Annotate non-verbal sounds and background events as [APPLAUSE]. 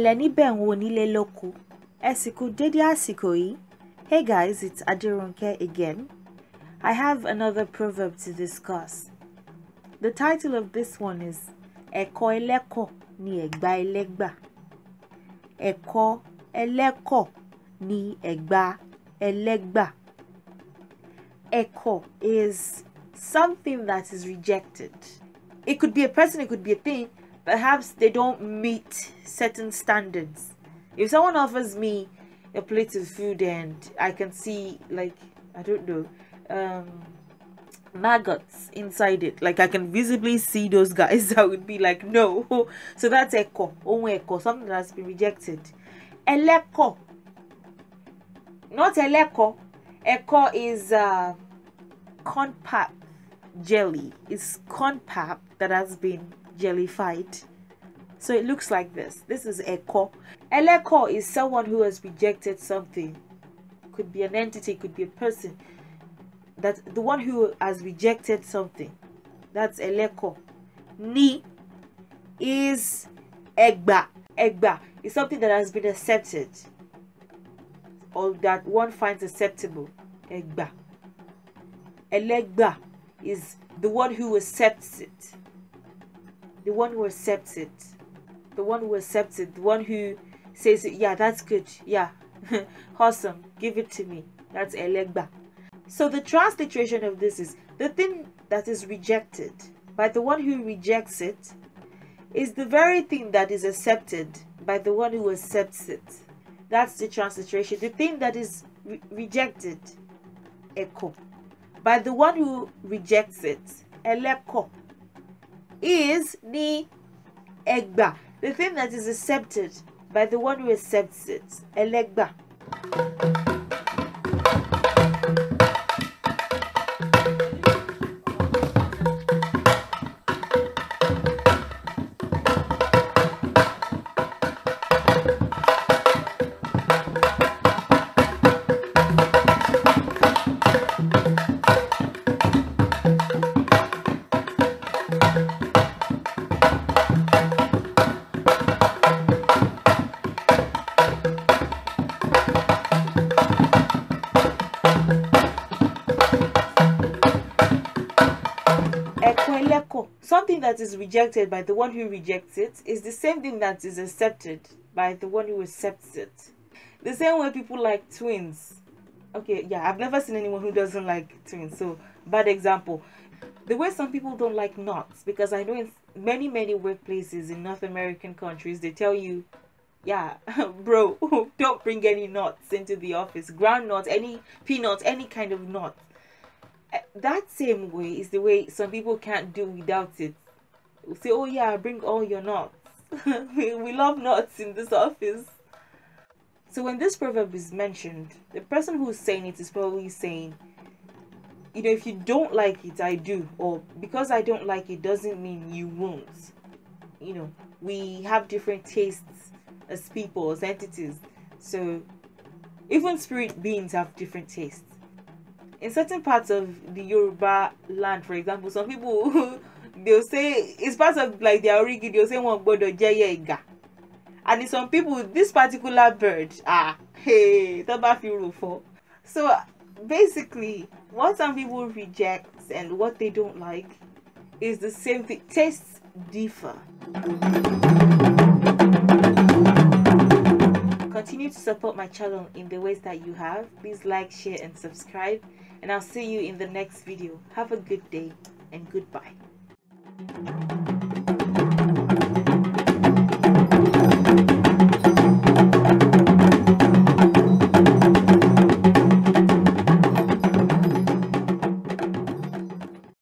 ẹnlẹ́ níbẹ̀ ń wo nílé lóko ẹ àsìkò hey guys it's Adironke again I have another proverb to discuss the title of this one is ẹ̀kọ́ ẹlẹ́kọ̀ ni ẹ̀gbà ẹlẹ́gbà ẹ̀kọ́ ẹlẹ́kọ̀ ni ẹ̀gbà ẹlẹ́gbà ẹ̀kọ́ is something that is rejected it could be a person it could be a thing perhaps they don't meet certain standards. If someone offers me a plate of food and I can see like I don't know um, maggots inside it, like I can visibly see those guys, [LAUGHS] I would be like no. [LAUGHS] so that's echo, own echo, something that has been rejected. Eleko, not eleko. Echo is uh, corn pap jelly. It's corn pap that has been fight, So it looks like this. This is Eko. Eleko is someone who has rejected something. Could be an entity, could be a person. That the one who has rejected something. That's Eleko. Ni is Egba. Egba is something that has been accepted. Or that one finds acceptable. Egba. Elegba is the one who accepts it the one who accepts it the one who accepts it the one who says yeah that's good yeah [LAUGHS] awesome give it to me that's elegba so the transliteration of this is the thing that is rejected by the one who rejects it is the very thing that is accepted by the one who accepts it that's the transliteration the thing that is re rejected echo by the one who rejects it eleko is the egba, the thing that is accepted by the one who accepts it, elegba. thing that is rejected by the one who rejects it is the same thing that is accepted by the one who accepts it. The same way people like twins. Okay, yeah, I've never seen anyone who doesn't like twins, so bad example. The way some people don't like knots, because I know in many, many workplaces in North American countries, they tell you, yeah, [LAUGHS] bro, [LAUGHS] don't bring any knots into the office. Ground knots, any peanuts, any kind of knots. Eh, that same way is the way some people can't do without it. We say, oh yeah, bring all your nuts. [LAUGHS] we, we love nuts in this office. So when this proverb is mentioned, the person who's saying it is probably saying, you know, if you don't like it, I do, or because I don't like it doesn't mean you won't. You know, we have different tastes as people, as entities. So even spirit beings have different tastes in certain parts of the Yoruba land, for example, some people [LAUGHS] they'll say it's part of like their origin. they'll say one bodo jeye And in some people, this particular bird, ah, [LAUGHS] hey, toba for. So basically, what some people reject and what they don't like is the same thing. Tastes differ. support my channel in the ways that you have, please like, share and subscribe. And I'll see you in the next video. Have a good day and goodbye.